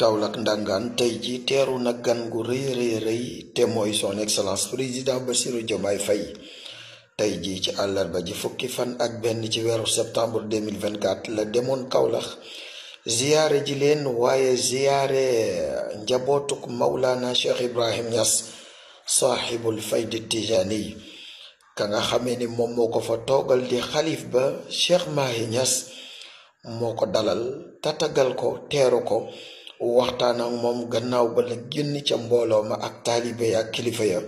Kaolack ndangaan tey ji teeru na gan gu rëy rëy rëy te mooy son excellence président Bassirou Diomaye Faye tey jii ci àllarba ji fukki fan ak benn ci weeru septembre 2024 la demoon Kaolack ziyaare ji leen waaye ziyaare njabootuk Maulana Cheikh Ibrahim Niass saaxibul faydi tijaani ka nga xamee ni moom moo ko fa toogal di xalif ba Cheikh Mahi ñas moo ko dalal tatagal ko teeru ko waxtaan ak moom gannaaw ba la génn ca mbooloo ma ak taalibe ak kilifa ya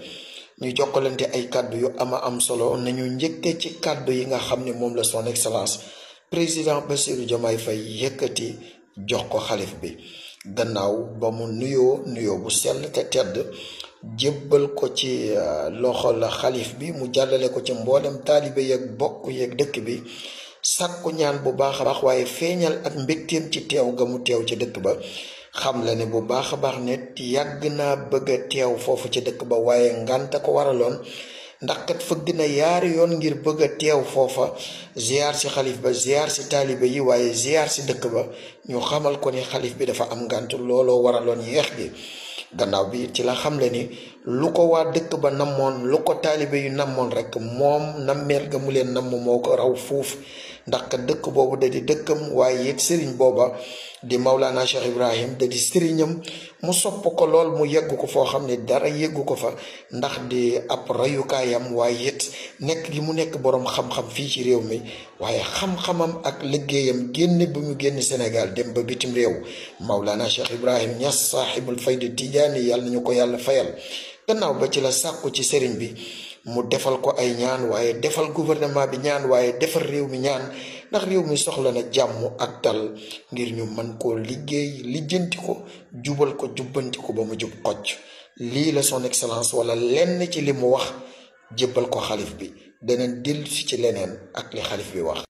ñu jokkalante ay kàddu yu ama am solo nañu njëkke ci kàddu yi nga xam ne moom la son excellence président Bassirou Diomaye Faye yëkkati jox ko xalif bi gannaaw ba mu nuyoo nuyoo bu sell te tedd jébbal ko ci euh, loxo la xalif bi mu jàllale ko ci mboolem taalibe yeeg bokk yeeg dëkk bi sàkku bu baax baax waaye feeñal ak mbégteem ci teew ga mu teew ci dëkk ba xam la ne bu baax a baax ne yàgg naa bëgg a teew foofu ca dëkk ba waaye ngànta ko waraloon ndax kat fëgg na yaari yoon ngir bëgg a teew foofa ziar si xalif ba ziar si taalibe yi waaye ziar si dëkk ba ñu xamal ko ni xalif bi dafa am ngànt looloo waraloon yeex gi gannaaw bi ci la xam la ni lu ko waa dëkk ba namoon lu ko taalibe yu namoon rekk moom nammeer ga mu leen namm moo ko raw foofu ndax kat dëkk boobu da di dëkkam waaye it sëriñ booba di Maulana Cheikh Ibrahim da di sëriñam mu sopp ko lool mu yegg ko foo xam ne dara yeggu ko fa ndax di ab rayukaayam waaye it nekk gi mu nekk borom xam-xam fii ci réew mi waaye xam-xamam ak liggéeyam génn bu mu génn Sénégal dem ba bitim réew Maulana Cheikh Ibrahim ñas saaxibul fayda Tijaani yàlla nañu ko yàlla fayal gannaaw ba ci la sàkku ci sëriñ bi. mu defal ko ay ñaan waaye defal gouvernement bi ñaan waaye defal réew mi ñaan ndax réew mi soxla na jàmm ak dal ngir ñu mën koo liggéey lijjanti ko jubal ko jubbanti ko ba mu jub xocc lii la son excellence wala lenn ci li mu wax jébbal ko xalif bi deneen dellusi ci leneen ak li xalif bi wax